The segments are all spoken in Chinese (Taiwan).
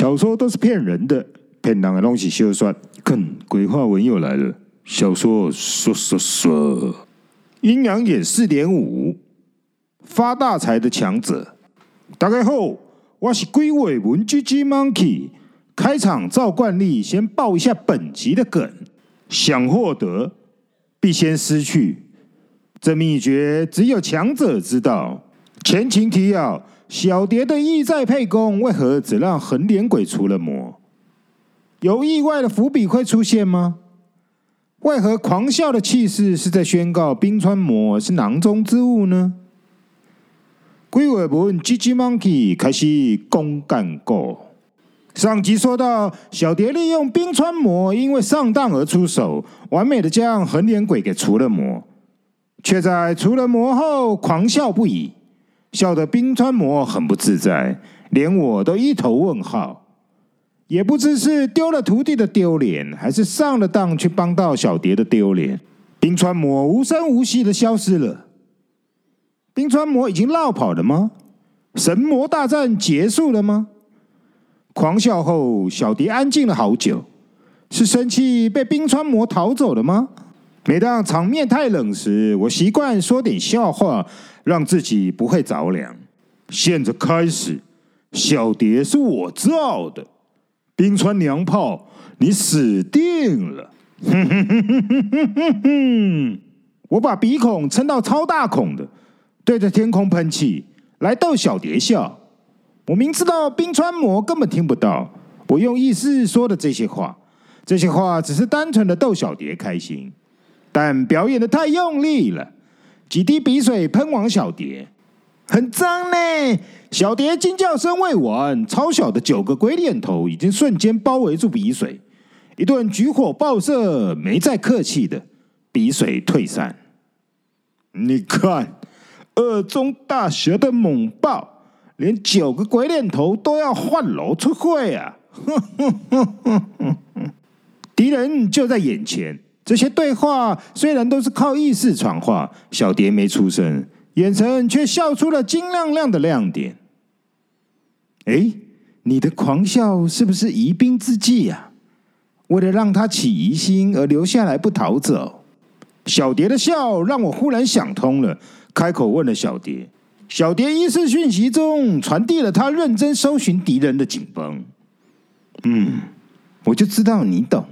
小說都是騙人的，騙人的東西休說。梗，鬼話文又來了。小說說說說，陰陽眼四點五，發大財的強者。大家好，我是鬼話文 GG Monkey。開場照慣例，先報一下本集的梗。想獲得，必先失去。這秘訣只有強者知道。前情提要。小蝶的意在沛公，為何只讓橫臉鬼除了魔？有意外的伏筆會出現嗎？為何狂笑的氣勢是在宣告冰川魔是囊中之物呢？鬼話文 GGmonkey，開始功干過。上集說到，小蝶利用冰川魔，因為上當而出手，完美的將橫臉鬼給除了魔，卻在除了魔後狂笑不已。笑得冰川魔很不自在，連我都一頭問號，也不知是丟了徒弟的丟臉，還是上了當去幫到小蝶的丟臉。冰川魔無聲無息的消失了，冰川魔已經落跑了嗎？神魔大戰結束了嗎？狂笑後，小蝶安靜了好久，是生氣被冰川魔逃走了嗎？每當場面太冷時，我習慣說點笑話，讓自己不會着涼。現在開始，小蝶是我造的冰川娘炮，你死定了！哼哼哼哼哼哼哼，我把鼻孔撐到超大孔的，對着天空噴氣，來逗小蝶笑。我明知道冰川魔根本聽不到，我用意思說的這些話，這些話只是單純的逗小蝶開心。但表演得太用力了，幾滴鼻水噴往小蝶，很髒呢、欸！小蝶驚叫聲未完，超小的九個鬼臉頭已經瞬間包圍住鼻水，一頓舉火爆射，沒再客氣的鼻水退散。你看，二中大學的猛爆，連九個鬼臉頭都要換樓出會啊！敵人就在眼前。這些對話雖然都是靠意識傳話，小蝶沒出聲，眼神卻笑出了晶亮亮的亮點。哎，你的狂笑是不是疑兵之計呀、啊？為了讓他起疑心而留下來不逃走。小蝶的笑讓我忽然想通了，開口問了小蝶。小蝶意識訊息中傳遞了她認真搜尋敵人的警方。嗯，我就知道你懂。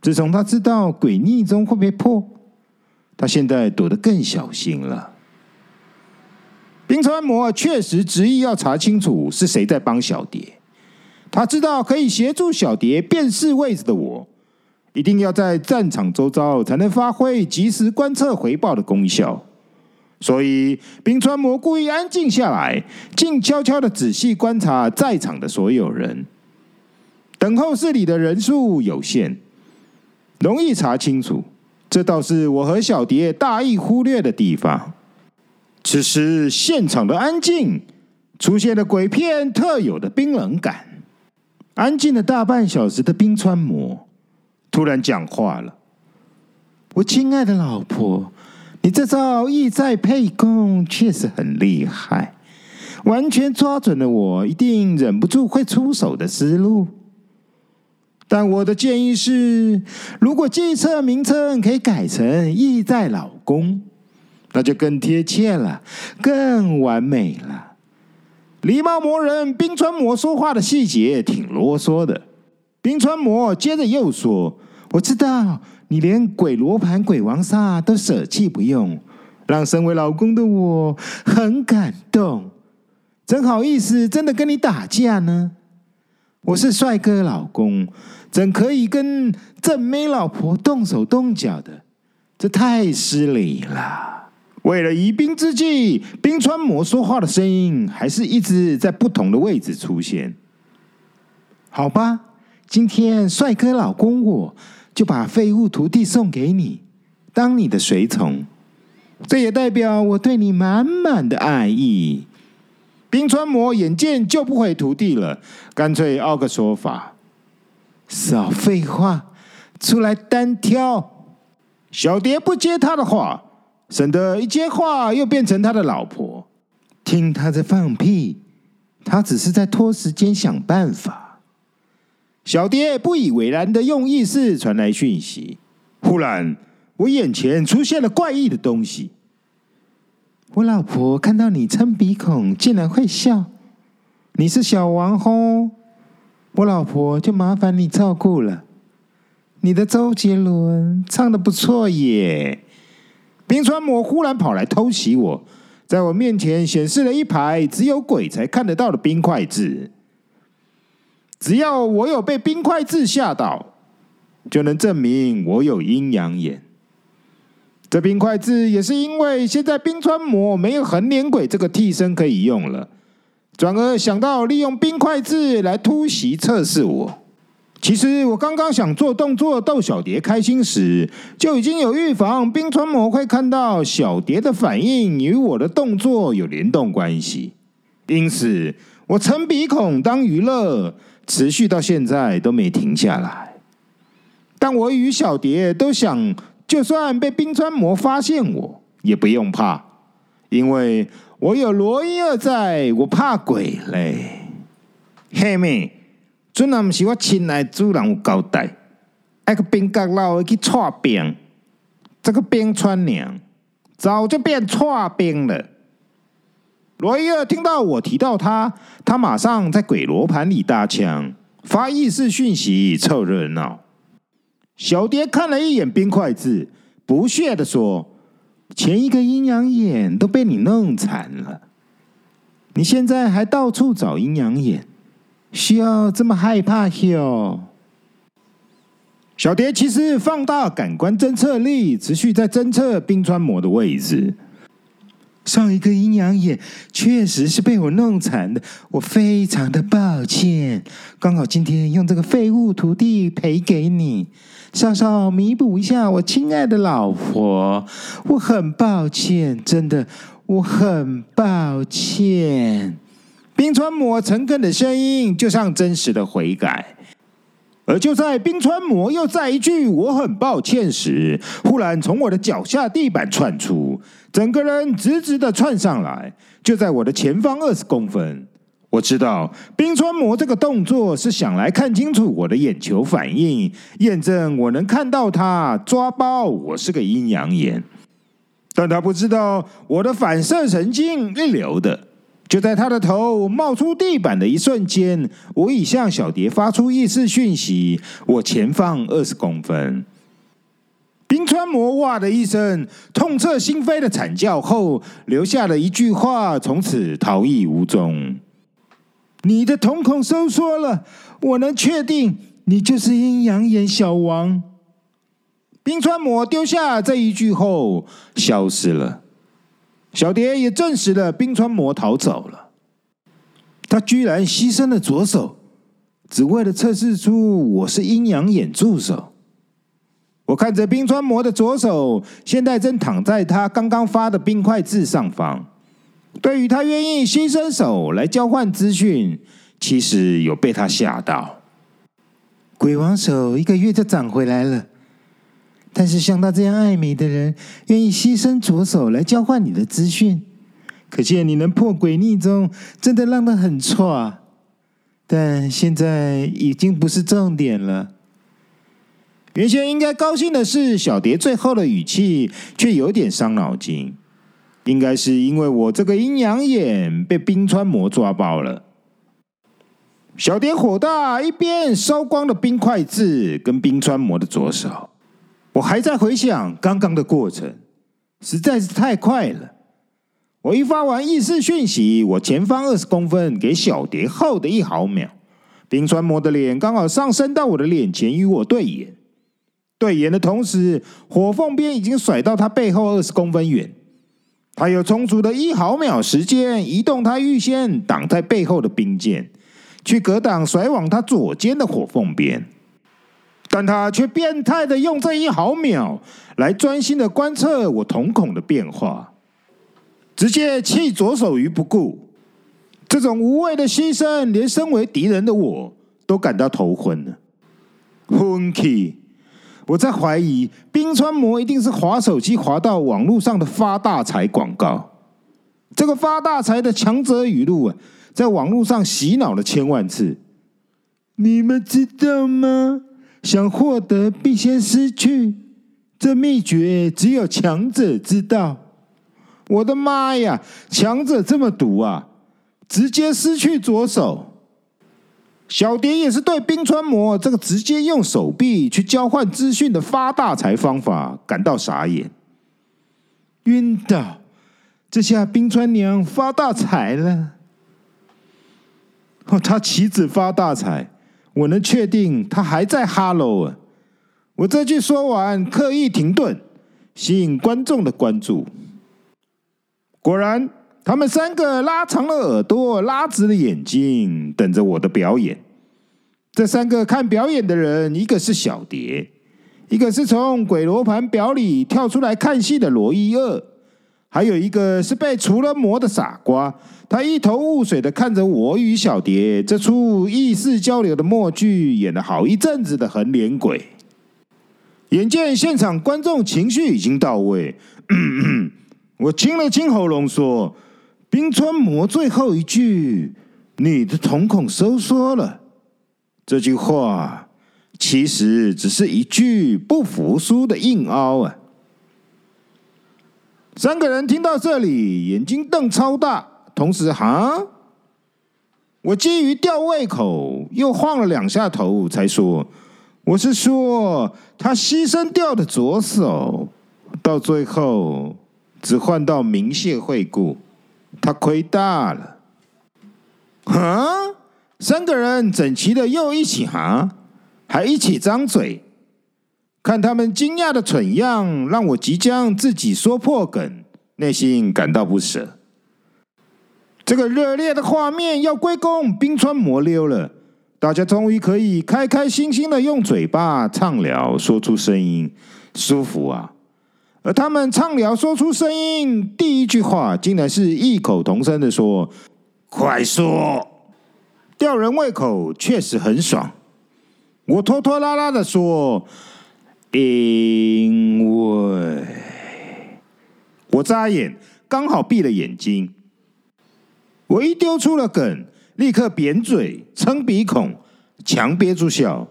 自從他知道詭逆中會被破，他現在躲得更小心了。冰川魔確實執意要查清楚是誰在幫小蝶。他知道可以協助小蝶辨識位置的我，一定要在戰場周遭才能發揮及時觀測回報的功效。所以，冰川魔故意安靜下來，靜悄悄的仔細觀察在場的所有人。等候室裡的人數有限。容易查清楚，這倒是我和小蝶大意忽略的地方。此時現場的安靜，出現了鬼片特有的冰冷感。安靜了大半小時的冰川魔，突然講話了：“ 我親愛的老婆，你這招意在沛公，確實很厲害，完全抓準了我一定忍不住會出手的思路。”但我的建議是，如果計策名稱可以改成“意在老公”，那就更貼切了，更完美了。禮貌魔人冰川魔說話的細節挺囉嗦的。冰川魔接着又說：“我知道你連鬼羅盤、鬼王煞都捨棄不用，讓身為老公的我很感動。怎好意思真的跟你打架呢？”我是帥哥老公，怎可以跟正妹老婆動手動腳的？這太失禮了。為了疑兵之計，冰川魔說話的聲音還是一直在不同的位置出現。好吧，今天帥哥老公，我就把廢物徒弟送給你當你的隨從，這也代表我對你滿滿的愛意。冰川魔眼見救不回徒弟了，乾脆拗個說法。少廢話，出來單挑！小蝶不接他的話，省得一接話又變成他的老婆。聽他在放屁，他只是在拖時間想辦法。小蝶不以為然的用意識傳來訊息。忽然，我眼前出現了怪異的東西。我老婆看到你撐鼻孔，竟然會笑。你是小王後，我老婆就麻煩你照顧了。你的周杰倫唱得不錯耶。冰川魔忽然跑來偷襲我，在我面前顯示了一排只有鬼才看得到的冰塊字。只要我有被冰塊字嚇到，就能證明我有陰陽眼。這冰塊字也是因為現在冰川魔沒有橫臉鬼這個替身可以用了，轉而想到利用冰塊字來突襲測試我。其實我剛剛想做動作逗小蝶開心時，就已經有預防冰川魔會看到小蝶的反應與我的動作有聯動關係，因此我沉鼻孔當娛樂，持續到現在都沒停下來。但我與小蝶都想。就算被冰川魔發現我，也不用怕，因為我有羅伊爾在。我怕鬼嘞，嘿妹，尊啊，唔是我親愛的主人有交代，挨個冰角佬去搓冰，這個冰川娘早就變搓冰了。羅伊爾聽到我提到他，他馬上在鬼羅盤裡搭腔，發意識訊息湊熱鬧。小蝶看了一眼冰塊字，不屑地說：“前一個陰陽眼都被你弄慘了，你現在還到處找陰陽眼，需要這麼害怕？喲。”小蝶其實放大感官偵測力，持續在偵測冰川膜的位置。上一個陰陽眼確實是被我弄慘的，我非常的抱歉。剛好今天用這個廢物徒弟賠給你，稍稍彌補一下，我親愛的老婆。我很抱歉，真的，我很抱歉。冰川魔誠懇的聲音，就像真實的悔改。而就在冰川魔又再一句“我很抱歉”時，忽然從我的腳下地板竄出，整個人直直的竄上來，就在我的前方二十公分。我知道冰川魔這個動作是想來看清楚我的眼球反應，驗證我能看到他抓包，我是個陰陽眼。但他不知道我的反射神經一流的。就在他的頭冒出地板的一瞬間，我已向小蝶發出意識訊息。我前方二十公分，冰川魔哇的一聲痛徹心扉的慘叫後，留下了一句話，從此逃逸無蹤。你的瞳孔收縮了，我能確定你就是陰陽眼小王。冰川魔丟下這一句後，消失了。小蝶也證實了冰川魔逃走了。他居然犧牲了左手，只為了測試出我是陰陽眼助手。我看着冰川魔的左手，現在正躺在他剛剛發的冰塊字上方。對於他願意犧牲手來交換資訊，其實有被他嚇到。鬼王手一個月就長回來了。但是像他這樣愛美的人，願意犧牲左手來交換你的資訊，可見你能破鬼逆中，真的浪得很錯啊！但現在已經不是重點了。原先應該高興的是，小蝶最後的語氣卻有點傷腦筋。應該是因為我這個陰陽眼被冰川魔抓爆了。小蝶火大，一邊燒光了冰筷子、跟冰川魔的左手。我還在回想剛剛的過程，實在是太快了。我一發完意識訊息，我前方二十公分給小蝶後的一毫秒，冰川魔的臉剛好上升到我的臉前與我對眼。對眼的同時，火鳳鞭已經甩到他背後二十公分遠，他有充足的一毫秒時間移動他預先擋在背後的冰劍，去格擋甩往他左肩的火鳳鞭。但他卻變態的用這一毫秒來專心的觀測我瞳孔的變化，直接棄左手於不顧。這種無謂的犧牲，連身為敵人的我都感到頭昏了。昏氣！我在懷疑冰川魔一定是滑手機滑到網絡上的發大財廣告。這個發大財的強者語錄啊，在網絡上洗腦了千萬次。你們知道嗎？想獲得，必先失去。這秘訣只有強者知道。我的媽呀！強者這麼毒啊！直接失去左手。小蝶也是對冰川魔這個直接用手臂去交換資訊的發大財方法感到傻眼、暈倒。這下冰川娘發大財了。哦，他妻子發大財。我能確定他還在哈嘍啊。我這句說完，刻意停頓，吸引觀眾的關注。果然，他們三個拉長了耳朵，拉直了眼睛，等着我的表演。這三個看表演的人，一個是小蝶，一個是從鬼羅盤表裡跳出來看戲的羅伊二。還有一個是被除了魔的傻瓜，他一頭霧水的看着我與小蝶這出意識交流的默劇，演了好一陣子的橫臉鬼。眼見現場觀眾情緒已經到位，咳咳，我清了清喉嚨說：“冰川魔最後一句，你的瞳孔收縮了。”這句話其實只是一句不服輸的硬凹啊。三個人聽到這裡，眼睛瞪超大，同時哈！我基於吊胃口，又晃了兩下頭，才說：“我是說，他犧牲掉的左手，到最後只換到鳴謝惠顧，他虧大了。”哈！三個人整齊的又一起哈，還一起張嘴。看他們驚訝的蠢樣，讓我即將自己說破梗，內心感到不捨。這個熱烈的畫面要歸功冰川魔溜了，大家終於可以開開心心的用嘴巴暢聊，說出聲音，舒服啊！而他們暢聊說出聲音，第一句話竟然是異口同聲的說：“快說！”吊人胃口確實很爽。我拖拖拉拉的說。因為我眨眼，剛好閉了眼睛。我一丟出了梗，立刻扁嘴、撐鼻孔，強憋住笑。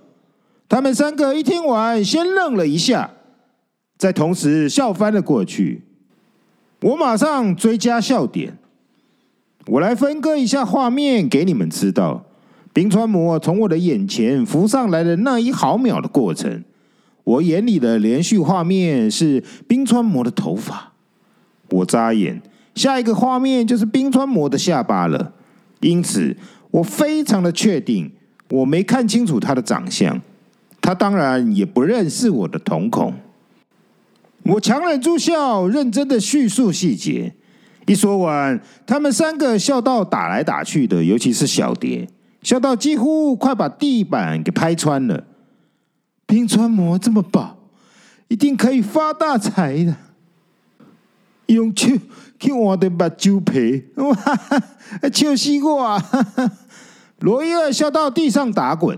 他們三個一聽完，先愣了一下，再同時笑翻了過去。我馬上追加笑點，我來分割一下畫面給你們知道：冰川魔從我的眼前浮上來的那一毫秒的過程。我眼裡的連續畫面是冰川魔的頭髮，我眨眼，下一個畫面就是冰川魔的下巴了。因此，我非常的確定我沒看清楚他的長相，他當然也不認識我的瞳孔。我強忍住笑，認真的敘述細節。一說完，他們三個笑到打來打去的，尤其是小蝶，笑到幾乎快把地板給拍穿了。冰川膜這麼薄，一定可以發大財的。用錢給我的白蕉皮，哈哈哈！切西瓜，羅 伊爾笑到地上打滾。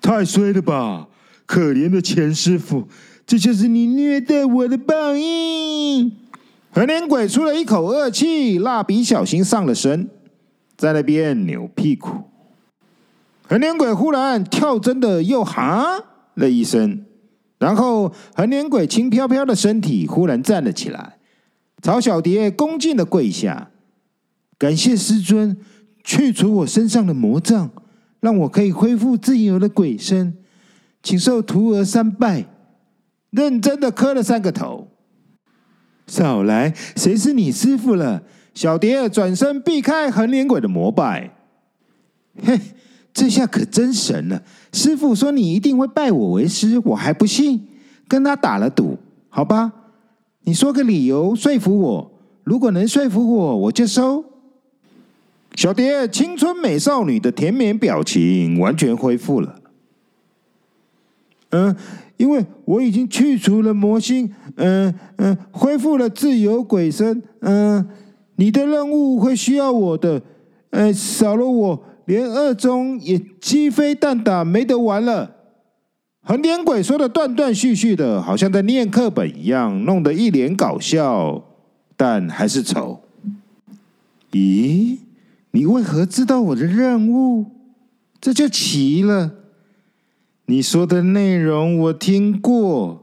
太衰了吧！可憐的錢師傅，這就是你虐待我的報應。橫臉鬼出了一口惡氣，蠟筆小新上了身，在那邊扭屁股。橫臉鬼忽然跳針的又喊了一聲，然後橫臉鬼輕飄飄的身體忽然站了起來，朝小蝶恭敬的跪下，感謝師尊去除我身上的魔障，讓我可以恢復自由的鬼身，請受徒兒三拜，認真的磕了三個頭。少來，誰是你師傅了？小蝶轉身避開橫臉鬼的膜拜，嘿。這下可真神了！師傅說你一定會拜我為師，我還不信，跟他打了賭，好吧？你說個理由說服我，如果能說服我，我就收。小蝶，青春美少女的甜美表情完全恢復了。嗯，因為我已經去除了魔心，嗯嗯，恢復了自由鬼身。嗯，你的任務會需要我的，呃、哎，少了我。連二中也雞飛蛋打，沒得玩了。橫臉鬼說的斷斷續續的，好像在念課本一樣，弄得一臉搞笑，但還是醜。咦？你為何知道我的任務？這就奇了。你說的內容我聽過。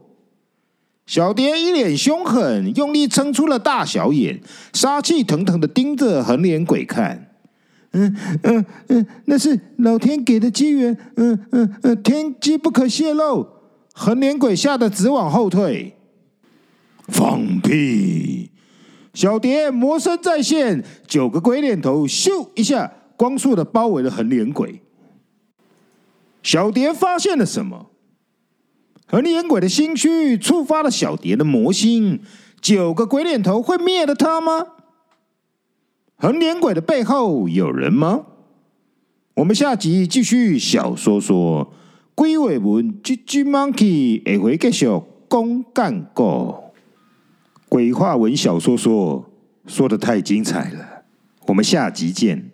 小蝶一臉兇狠，用力撐出了大小眼，殺氣騰騰的盯着橫臉鬼看。嗯嗯嗯，那是老天給的機緣，嗯嗯嗯，天機不可泄露。橫臉鬼嚇得直往後退。放屁！小蝶魔身再現，九個鬼臉頭咻一下，光速的包圍了橫臉鬼。小蝶發現了什麼？橫臉鬼的心虛，觸發了小蝶的魔心，九個鬼臉頭會滅了他嗎？橫臉鬼的背後有人嗎？我們下集繼續。小說說鬼話文 GGmonkey 下回繼續公幹狗鬼話文小說說說得太精彩了，我們下集見。